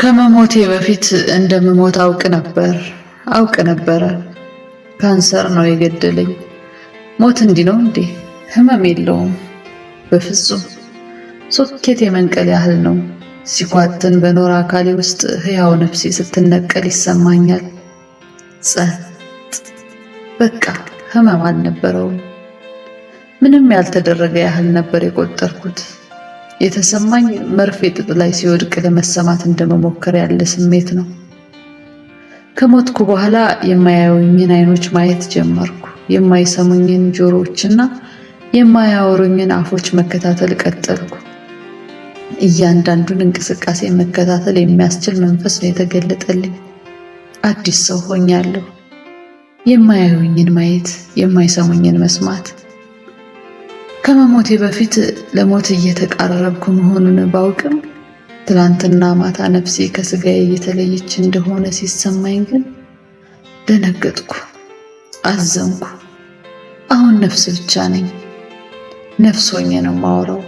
ከመሞቴ በፊት እንደምሞት አውቅ ነበር አውቅ ነበረ። ካንሰር ነው የገደለኝ። ሞት እንዲህ ነው እንዴ? ህመም የለውም በፍጹም። ሶኬት የመንቀል ያህል ነው። ሲኳትን በኖረ አካሌ ውስጥ ህያው ነፍሴ ስትነቀል ይሰማኛል። ጸጥ በቃ ህመም አልነበረውም። ምንም ያልተደረገ ያህል ነበር የቆጠርኩት። የተሰማኝ መርፌ ጥጥ ላይ ሲወድቅ ለመሰማት እንደመሞከር ያለ ስሜት ነው። ከሞትኩ በኋላ የማያዩኝን አይኖች ማየት ጀመርኩ። የማይሰሙኝን ጆሮዎችና የማያወሩኝን አፎች መከታተል ቀጠልኩ። እያንዳንዱን እንቅስቃሴ መከታተል የሚያስችል መንፈስ ነው የተገለጠልኝ። አዲስ ሰው ሆኛለሁ። የማያዩኝን ማየት፣ የማይሰሙኝን መስማት ከመሞቴ በፊት ለሞት እየተቃረብኩ መሆኑን ባውቅም ትላንትና ማታ ነፍሴ ከስጋዬ እየተለየች እንደሆነ ሲሰማኝ ግን ደነገጥኩ፣ አዘንኩ። አሁን ነፍስ ብቻ ነኝ። ነፍስ ሆኜ ነው የማወራው።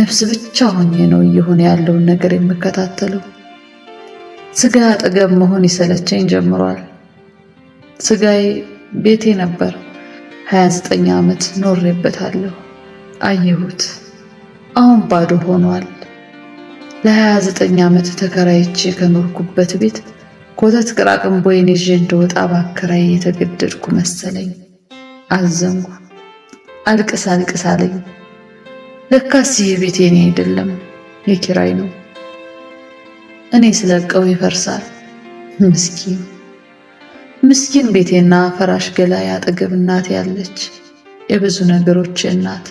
ነፍስ ብቻ ሆኜ ነው እየሆነ ያለውን ነገር የምከታተለው። ስጋ አጠገብ መሆን ይሰለቸኝ ጀምሯል። ስጋዬ ቤቴ ነበር። 29 ዓመት ኖሬበታለሁ። አየሁት፣ አሁን ባዶ ሆኗል። ለ29 ዓመት ተከራይቼ ከኖርኩበት ቤት ኮተት ቦይን ይዤ እንደወጣ ባከራይ የተገደድኩ መሰለኝ። አዘንኩ። አልቅስ አልቅስ አለኝ። ለካስ ይህ ቤት የኔ አይደለም የኪራይ ነው። እኔ ስለቀው ይፈርሳል ምስኪን ምስኪን ቤቴና ፈራሽ ገላይ አጠገብ እናቴ ያለች የብዙ ነገሮች እናት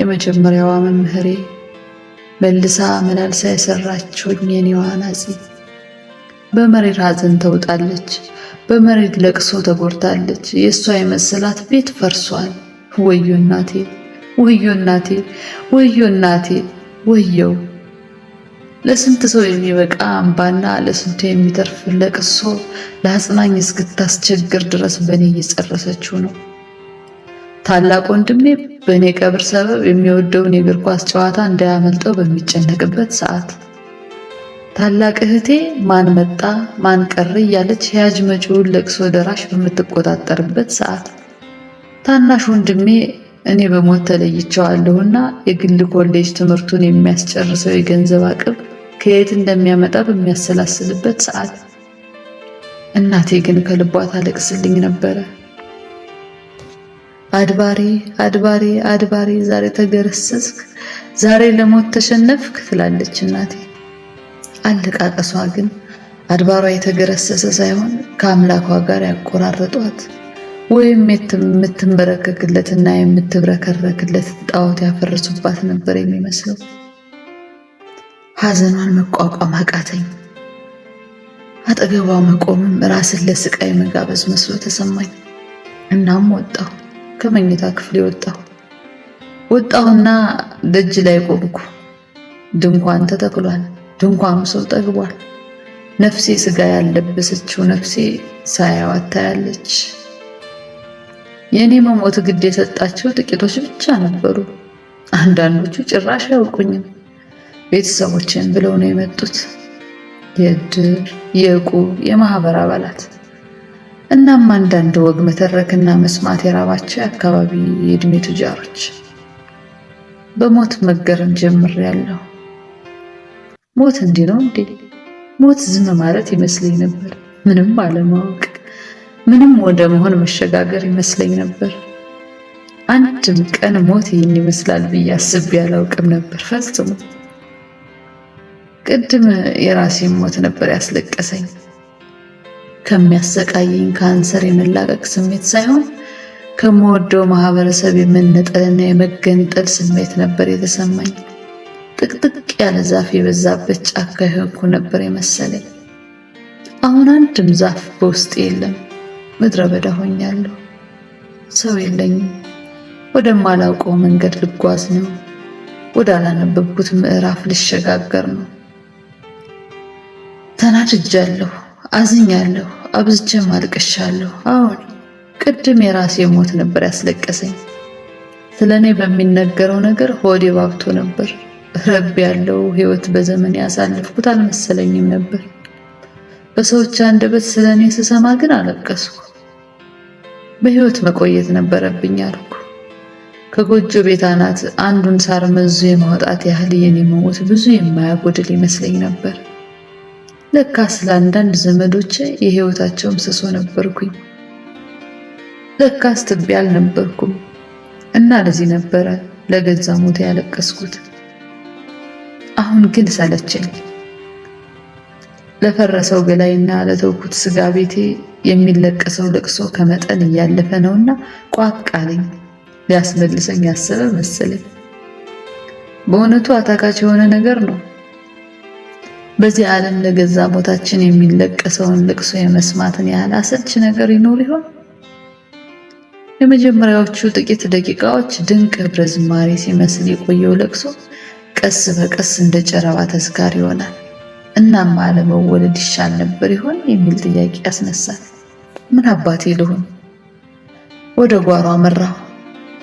የመጀመሪያዋ መምህሬ መልሳ መላልሳ የሰራችሁኝ የኔዋ ናጺ በመሬት ሐዘን ተውጣለች፣ በመሬት ለቅሶ ተጎድታለች። የእሷ የመሰላት ቤት ፈርሷል። ወዮ እናቴ፣ ወዮ እናቴ፣ ወዮ እናቴ፣ ወየው ለስንት ሰው የሚበቃ አምባና ለስንቱ የሚተርፍ ለቅሶ ለአጽናኝ እስክታስቸግር ድረስ በእኔ እየጸረሰችው ነው። ታላቅ ወንድሜ በእኔ ቀብር ሰበብ የሚወደውን የእግር ኳስ ጨዋታ እንዳያመልጠው በሚጨነቅበት ሰዓት ታላቅ እህቴ ማን መጣ ማን ቀረ እያለች ያጅ መጪውን ለቅሶ ደራሽ በምትቆጣጠርበት ሰዓት ታናሽ ወንድሜ እኔ በሞት ተለይቸዋለሁና የግል ኮሌጅ ትምህርቱን የሚያስጨርሰው የገንዘብ አቅም ከየት እንደሚያመጣ በሚያሰላስልበት ሰዓት እናቴ ግን ከልቧ ታለቅስልኝ ነበረ። አድባሬ አድባሬ አድባሬ ዛሬ ተገረሰስክ፣ ዛሬ ለሞት ተሸነፍክ ትላለች እናቴ። አለቃቀሷ ግን አድባሯ የተገረሰሰ ሳይሆን ከአምላኳ ጋር ያቆራረጧት ወይም የምትንበረከክለትና የምትብረከረክለት ጣዖት ያፈረሱባት ነበር የሚመስለው። ሐዘኗን መቋቋም አቃተኝ። አጠገቧ መቆምም ራስን ለስቃይ መጋበዝ መስሎ ተሰማኝ። እናም ወጣሁ፣ ከመኝታ ክፍሌ ወጣሁ። ወጣሁና ደጅ ላይ ቆምኩ። ድንኳን ተተክሏል። ድንኳኑ ሰው ጠግቧል። ነፍሴ ስጋ ያልለበሰችው ነፍሴ ሳያዋት ታያለች። የእኔ መሞት ግድ የሰጣቸው ጥቂቶች ብቻ ነበሩ። አንዳንዶቹ ጭራሽ አያውቁኝም። ቤተሰቦችን ብለው ነው የመጡት። የእድር የዕቁብ የማህበር አባላት እናም አንዳንድ ወግ መተረክና መስማት የራባቸው የአካባቢ የእድሜ ቱጃሮች በሞት መገረም ጀምር ያለው ሞት እንዲህ ነው እንዴ? ሞት ዝም ማለት ይመስለኝ ነበር። ምንም አለማወቅ፣ ምንም ወደ መሆን መሸጋገር ይመስለኝ ነበር። አንድም ቀን ሞት ይህን ይመስላል ብዬ አስቤ አላውቅም ነበር ፈጽሞ። ቅድም የራሴ ሞት ነበር ያስለቀሰኝ። ከሚያሰቃየኝ ካንሰር የመላቀቅ ስሜት ሳይሆን ከምወደው ማህበረሰብ የመነጠልና የመገንጠል ስሜት ነበር የተሰማኝ። ጥቅጥቅ ያለ ዛፍ የበዛበት ጫካ የሆንኩ ነበር የመሰለኝ። አሁን አንድም ዛፍ በውስጥ የለም። ምድረ በዳ ሆኛለሁ። ሰው የለኝም። ወደማላውቀው መንገድ ልጓዝ ነው። ወዳላነበብኩት ምዕራፍ ልሸጋገር ነው። ተናድጃለሁ፣ አዝኛለሁ፣ አብዝቼም አልቅሻለሁ። አሁን ቅድም የራሴ ሞት ነበር ያስለቀሰኝ። ስለ እኔ በሚነገረው ነገር ሆዴ ባብቶ ነበር። ረብ ያለው ህይወት በዘመን ያሳልፍኩት አልመሰለኝም ነበር። በሰዎች አንደበት ስለ እኔ ስሰማ ግን አለቀስኩ። በህይወት መቆየት ነበረብኝ አልኩ። ከጎጆ ቤት አናት አንዱን ሳር መዞ የማውጣት ያህል የኔ መሞት ብዙ የማያጎድል ይመስለኝ ነበር። ለካ ስለ አንዳንድ ዘመዶቼ የህይወታቸው ምሰሶ ነበርኩኝ። ለካስ ትቢያ አልነበርኩም እና ለዚህ ነበረ ለገዛ ሞቴ ያለቀስኩት። አሁን ግን ሰለቸኝ። ለፈረሰው ገላይና ለተውኩት ስጋ ቤቴ የሚለቀሰው ለቅሶ ከመጠን እያለፈ ነውና ቋቃለኝ። ሊያስመልሰኝ ያሰበ መሰለኝ። በእውነቱ አታካች የሆነ ነገር ነው። በዚህ ዓለም ለገዛ ቦታችን የሚለቀሰውን ልቅሶ የመስማትን ያህል አሰልች ነገር ይኖር ይሆን? የመጀመሪያዎቹ ጥቂት ደቂቃዎች ድንቅ ህብረ ዝማሬ ሲመስል የቆየው ለቅሶ ቀስ በቀስ እንደ ጨረባ ተስካር ይሆናል። እናም አለመወለድ ይሻል ነበር ይሆን የሚል ጥያቄ ያስነሳል። ምን አባቴ ልሆን? ወደ ጓሮ አመራሁ።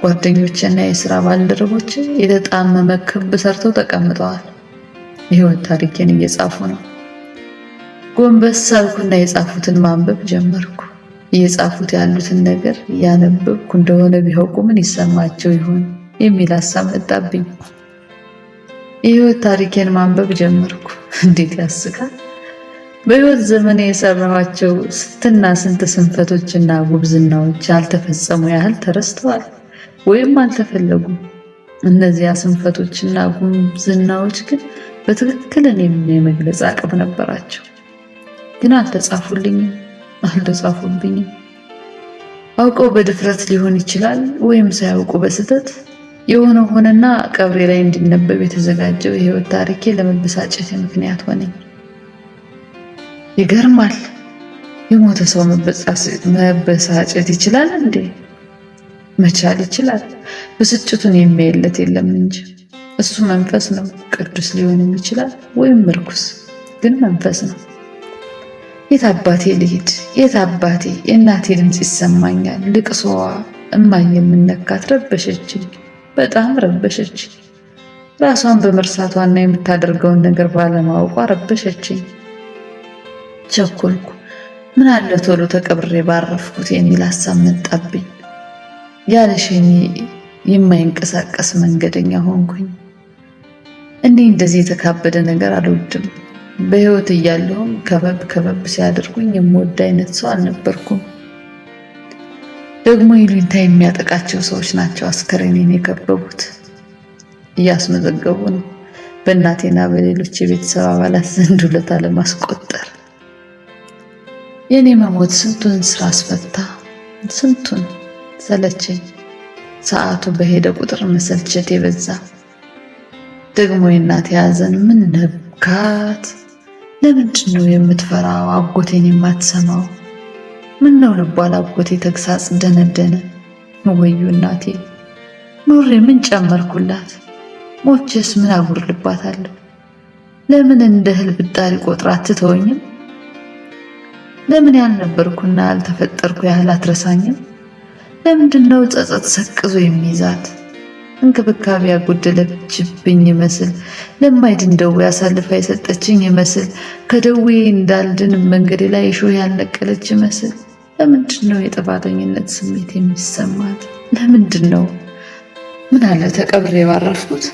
ጓደኞችና የሥራ ባልደረቦች የተጣመመ ክብ ሰርተው ተቀምጠዋል። የህይወት ታሪኬን እየጻፉ ነው። ጎንበስ ሳልኩና የጻፉትን ማንበብ ጀመርኩ። እየጻፉት ያሉትን ነገር እያነበብኩ እንደሆነ ቢያውቁ ምን ይሰማቸው ይሆን የሚል ሀሳብ መጣብኝ። የህይወት ታሪኬን ማንበብ ጀመርኩ። እንዴት ያስቃል! በህይወት ዘመን የሰራኋቸው ስንትና ስንት ስንፈቶችና ጉብዝናዎች ያልተፈጸሙ ያህል ተረስተዋል ወይም አልተፈለጉም። እነዚያ ስንፈቶችና ጉብዝናዎች ግን በትክክል እኔን የመግለጽ አቅም ነበራቸው። ግን አልተጻፉልኝም አልተጻፉብኝም። አውቀው በድፍረት ሊሆን ይችላል፣ ወይም ሳያውቁ በስህተት የሆነ ሆነና ቀብሬ ላይ እንዲነበብ የተዘጋጀው የህይወት ታሪኬ ለመበሳጨት ምክንያት ሆነኝ። ይገርማል። የሞተ ሰው መበሳጨት ይችላል እንዴ? መቻል ይችላል። ብስጭቱን የሚያይለት የለም እንጂ እሱ መንፈስ ነው። ቅዱስ ሊሆንም ይችላል ወይም ምርኩስ፣ ግን መንፈስ ነው። የት አባቴ ልሂድ? የት አባቴ የእናቴ ድምፅ ይሰማኛል። ልቅሶዋ እማኝ የምነካት ረበሸችኝ፣ በጣም ረበሸችኝ። ራሷን በመርሳቷና የምታደርገውን ነገር ባለማወቋ ረበሸችኝ። ቸኮልኩ። ምን አለ ቶሎ ተቀብሬ ባረፍኩት የሚል ሀሳብ መጣብኝ። ያለሽኝ የማይንቀሳቀስ መንገደኛ ሆንኩኝ። እኔ እንደዚህ የተካበደ ነገር አልወድም። በህይወት እያለሁም ከበብ ከበብ ሲያደርጉኝ የምወድ አይነት ሰው አልነበርኩም። ደግሞ ይሉኝታ የሚያጠቃቸው ሰዎች ናቸው አስከሬኔን የከበቡት። እያስመዘገቡ ነው በእናቴና በሌሎች የቤተሰብ አባላት ዘንድ ውለታ ለማስቆጠር። የእኔ መሞት ስንቱን ስራ አስፈታ፣ ስንቱን ሰለቸኝ። ሰዓቱ በሄደ ቁጥር መሰልቸት የበዛ ደግሞ የእናት የያዘን ምን ነካት? ለምንድን ነው የምትፈራው? አጎቴን የማትሰማው ምን ነው ልቧል። አጎቴ ተግሳጽ ደነደነ። ወዩ እናቴ ኖሬ ምን ጨመርኩላት? ሞቼስ ምን አጉርልባታለሁ? ለምን እንደ እህል ብጣሪ ቆጥራ አትተወኝም? ለምን ያልነበርኩና ያልተፈጠርኩ ያህል አትረሳኝም? ለምንድን ነው ጸጸት ሰቅዞ የሚይዛት? እንክብካቤ ያጎደለችብኝ ይመስል ለማይድን ደዌ አሳልፋ የሰጠችኝ ይመስል ከደዌ እንዳልድን መንገዴ ላይ እሾህ ያልነቀለች ይመስል ለምንድን ነው የጥፋተኝነት ስሜት የሚሰማት? ለምንድን ነው ምን አለ ተቀብሬ ባረፍኩት?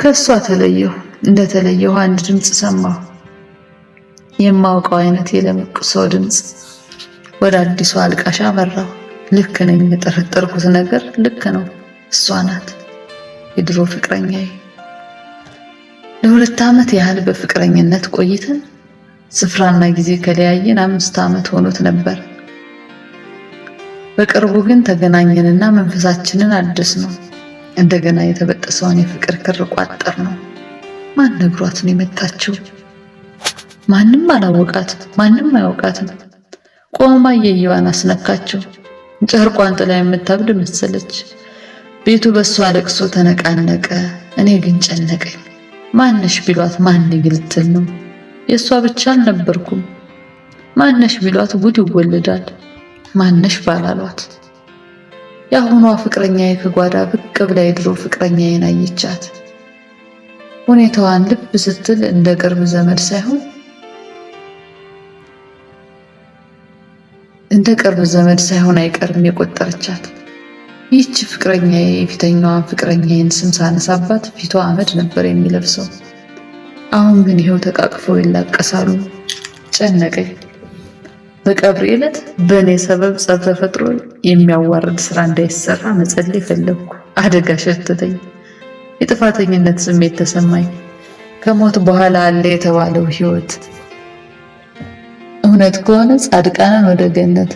ከእሷ ተለየሁ። እንደተለየሁ አንድ ድምፅ ሰማሁ። የማውቀው አይነት የለምቁ ሰው ድምፅ። ወደ አዲሷ አልቃሻ አመራሁ። ልክ ነኝ። የጠረጠርኩት ነገር ልክ ነው። እሷ ናት የድሮ ፍቅረኛዬ። ለሁለት ዓመት ያህል በፍቅረኝነት ቆይተን ስፍራና ጊዜ ከለያየን አምስት ዓመት ሆኖት ነበር። በቅርቡ ግን ተገናኘንና መንፈሳችንን አደስ ነው። እንደገና የተበጠሰውን የፍቅር ክር ቋጠር ነው። ማን ነግሯት ነው የመጣችው? ማንም አላወቃትም፣ ማንም አያውቃትም። ቆማ የየዋን አስነካችው። ጨርቋን ጥላ የምታብድ መሰለች። ቤቱ በእሷ ለቅሶ ተነቃነቀ። እኔ ግን ጨነቀኝ። ማነሽ ቢሏት ማን ይልትል ነው። የእሷ ብቻ አልነበርኩም። ማነሽ ቢሏት ጉድ ይወለዳል። ማነሽ ባላሏት የአሁኗ ፍቅረኛዬ ከጓዳ ብቅ ብላ የድሮ ፍቅረኛዬን አየቻት። ሁኔታዋን ልብ ስትል እንደ ቅርብ ዘመድ ሳይሆን እንደ ቅርብ ዘመድ ሳይሆን አይቀርም የቆጠረቻት። ይህች ፍቅረኛ የፊተኛዋ ፍቅረኛዬን ስም ሳነሳባት ፊቷ አመድ ነበር የሚለብሰው። አሁን ግን ይኸው ተቃቅፈው ይላቀሳሉ። ጨነቀኝ። በቀብሬ ዕለት በእኔ ሰበብ ጸብ ተፈጥሮ የሚያዋርድ ስራ እንዳይሰራ መጸለይ ፈለግኩ። አደጋ ሸተተኝ። የጥፋተኝነት ስሜት ተሰማኝ። ከሞት በኋላ አለ የተባለው ህይወት እውነት ከሆነ ጻድቃንን ወደ ገነት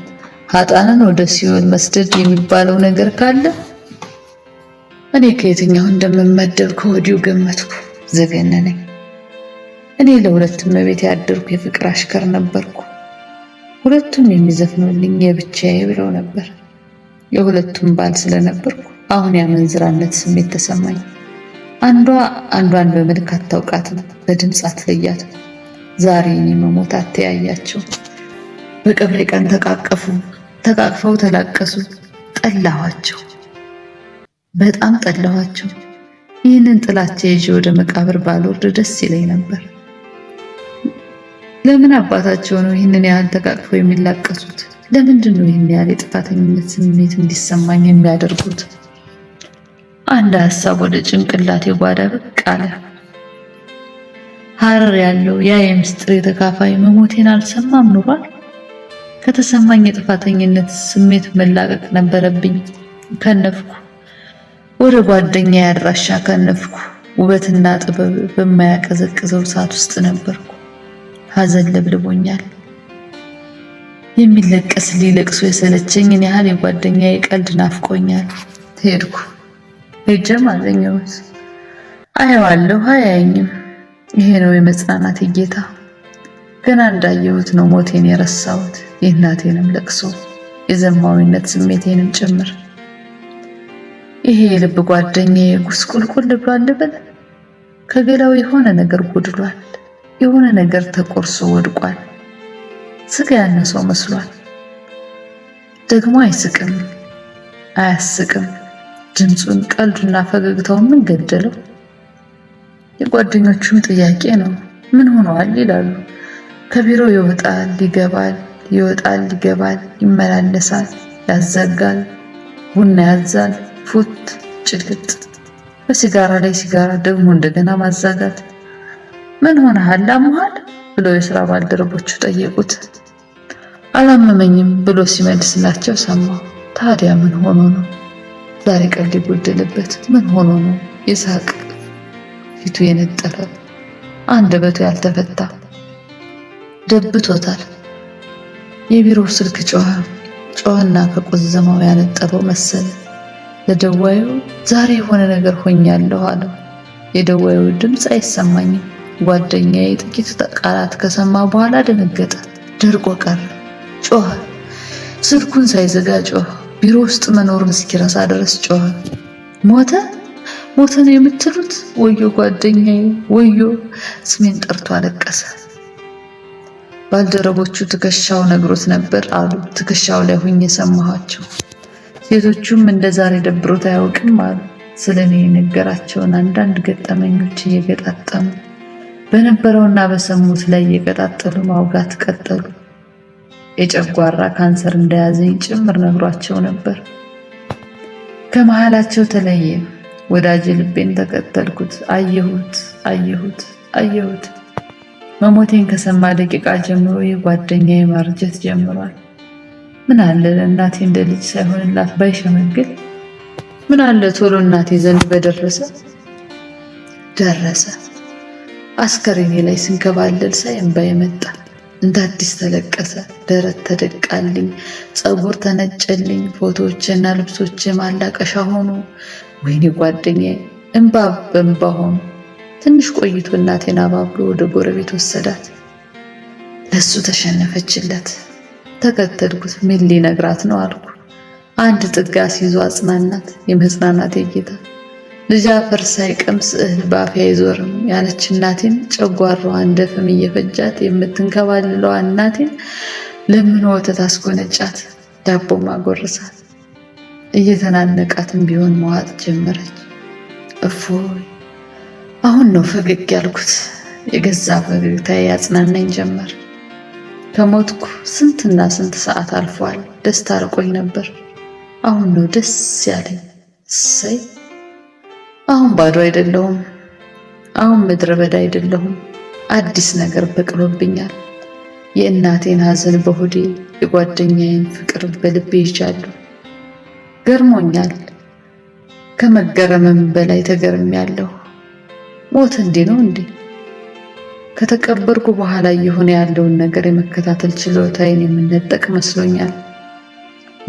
ሀጣንን ወደ ሲኦል መስደድ የሚባለው ነገር ካለ እኔ ከየትኛው እንደምመደብ ከወዲሁ ገመትኩ፣ ዘገነነኝ። እኔ ለሁለት እመቤት ያደርኩ የፍቅር አሽከር ነበርኩ። ሁለቱም የሚዘፍኑልኝ የብቻዬ ብለው ነበር። የሁለቱም ባል ስለነበርኩ አሁን የአመንዝራነት ስሜት ተሰማኝ። አንዷ አንዷን በመልክ አታውቃትም፣ በድምፅ አትለያትም። ዛሬ እኔ መሞት አተያያቸው። በቀብሬ ቀን ተቃቀፉ። ተቃቅፈው ተላቀሱ። ጠላኋቸው፣ በጣም ጠላኋቸው። ይህንን ጥላቻ ይዤ ወደ መቃብር ባልወርድ ደስ ይለኝ ነበር። ለምን አባታቸው ነው ይህንን ያህል ተቃቅፈው የሚላቀሱት? ለምንድን ነው ይህን ያህል የጥፋተኝነት ስሜት እንዲሰማኝ የሚያደርጉት? አንድ ሀሳብ ወደ ጭንቅላቴ ጓዳ ብቅ አለ። ሀረር ያለው ያ የምስጢር የተካፋይ መሞቴን አልሰማም ኑሯል። ከተሰማኝ የጥፋተኝነት ስሜት መላቀቅ ነበረብኝ። ከነፍኩ፣ ወደ ጓደኛ ያድራሻ ከነፍኩ። ውበትና ጥበብ በማያቀዘቅዘው ሰዓት ውስጥ ነበርኩ። ሀዘን ለብልቦኛል። የሚለቀስ ሊለቅሶ የሰለቸኝን ያህል የጓደኛ የቀልድ ናፍቆኛል። ሄድኩ፣ ሄጀም አገኘሁት። አየዋለሁ፣ አያየኝም። ይሄ ነው የመጽናናት ጌታ። ገና እንዳየሁት ነው ሞቴን የረሳሁት የእናቴንም ለቅሶ የዘማዊነት ስሜቴንም ጭምር። ይሄ የልብ የጉስ ጉስቁልቁል ብሏል ልበል። ከገላው የሆነ ነገር ጎድሏል፣ የሆነ ነገር ተቆርሶ ወድቋል። ስጋ ያነሰው መስሏል። ደግሞ አይስቅም፣ አያስቅም። ድምፁን፣ ቀልዱና ፈገግታውን ምን ገደለው? የጓደኞቹም ጥያቄ ነው ምን ሆነዋል ይላሉ። ከቢሮ ይወጣል ይገባል፣ ይወጣል ይገባል፣ ይመላለሳል፣ ያዘጋል፣ ቡና ያዛል፣ ፉት ጭልጥ። በሲጋራ ላይ ሲጋራ ደግሞ እንደገና ማዛጋት። ምን ሆነሃል አሞሃል? ብለው የስራ ባልደረቦቹ ጠየቁት። አላመመኝም ብሎ ሲመልስላቸው ሰማ። ታዲያ ምን ሆኖ ነው? ዛሬ ቀን ሊጎደልበት ምን ሆኖ ነው? የሳቅ ፊቱ የነጠረ አንደበቱ ያልተፈታ ደብቶታል። የቢሮው ስልክ ጮኸ ጮኸና ከቆዘመው ያነጠበው መሰለ። ለደዋዩ ዛሬ የሆነ ነገር ሆኛለሁ አለው። የደዋዩ ድምፅ አይሰማኝም። ጓደኛ ጥቂት ቃላት ከሰማ በኋላ ደነገጠ፣ ደርቆ ቀረ። ጮኸ፣ ስልኩን ሳይዘጋ ጮኸ። ቢሮ ውስጥ መኖሩን እስኪረሳ ድረስ ጮኸ። ሞተ ሞተ ነው የምትሉት? ወዮ ጓደኛዬ፣ ወዮ! ስሜን ጠርቶ አለቀሰ። ባልደረቦቹ ትከሻው ነግሮት ነበር አሉ። ትከሻው ላይ ሁኝ የሰማኋቸው ሴቶቹም እንደ ዛሬ ደብሮት አያውቅም አሉ። ስለ እኔ የነገራቸውን አንዳንድ ገጠመኞች እየገጣጠሙ በነበረውና በሰሙት ላይ እየቀጣጠሉ ማውጋት ቀጠሉ። የጨጓራ ካንሰር እንደያዘኝ ጭምር ነግሯቸው ነበር። ከመሃላቸው ተለየ። ወዳጅ ልቤን ተከተልኩት። አየሁት አየሁት አየሁት መሞቴን ከሰማ ደቂቃ ጀምሮ የጓደኛ ማርጀት ጀምሯል። ምን አለ እናቴ እንደ ልጅ ሳይሆንላት ባይሸመግል፣ ምን አለ ቶሎ እናቴ ዘንድ በደረሰ ደረሰ። አስከሬኔ ላይ ስንከባለል ሳይ እንባ የመጣ እንደ አዲስ ተለቀሰ። ደረት ተደቃልኝ፣ ፀጉር ተነጨልኝ፣ ፎቶዎችና ልብሶች ማላቀሻ ሆኑ። ወይኔ ጓደኛ እንባ በእንባ ሆኑ። ትንሽ ቆይቶ እናቴን አባብሎ ወደ ጎረቤት ወሰዳት። ለሱ ተሸነፈችለት። ተከተልኩት። ምን ሊነግራት ነው አልኩ። አንድ ጥጋ ሲይዞ አጽናናት። የመጽናናቴ የጌታ ልጅ አፈር ሳይቀምስ እህል ባፌ አይዞርም ያለች እናቴን፣ ጨጓራዋ እንደፍም እየፈጃት የምትንከባልለዋ እናቴን ለምን ወተት አስጎነጫት፣ ዳቦ ማጎርሳት፣ እየተናነቃትም ቢሆን መዋጥ ጀመረች። እፎይ አሁን ነው ፈገግ ያልኩት። የገዛ ፈገግታ ያጽናናኝ ጀመር። ከሞትኩ ስንትና ስንት ሰዓት አልፏል። ደስታ አርቆኝ ነበር። አሁን ነው ደስ ያለኝ። እሰይ! አሁን ባዶ አይደለሁም። አሁን ምድረ በዳ አይደለሁም። አዲስ ነገር በቅሎብኛል። የእናቴን ሐዘን በሆዴ የጓደኛዬን ፍቅር በልቤ ይዣለሁ። ገርሞኛል። ከመገረምም በላይ ተገርሜያለሁ። ሞት እንዲህ ነው እንዴ? ከተቀበርኩ በኋላ እየሆነ ያለውን ነገር የመከታተል ችሎታዬን የምነጠቅ መስሎኛል።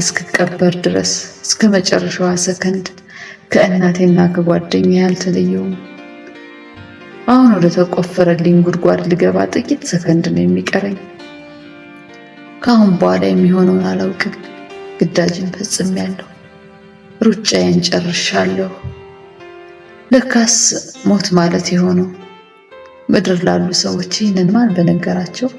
እስክቀበር ድረስ እስከ መጨረሻዋ ሰከንድ ከእናቴና ከጓደኛ ያልተለየውም። አሁን ወደ ተቆፈረልኝ ጉድጓድ ልገባ ጥቂት ሰከንድ ነው የሚቀረኝ። ከአሁን በኋላ የሚሆነውን አላውቅም። ግዳጅን ፈጽሜያለሁ። ሩጫዬን ጨርሻለሁ። ለካስ ሞት ማለት የሆነው ምድር ላሉ ሰዎች ይህንን ማን በነገራቸው?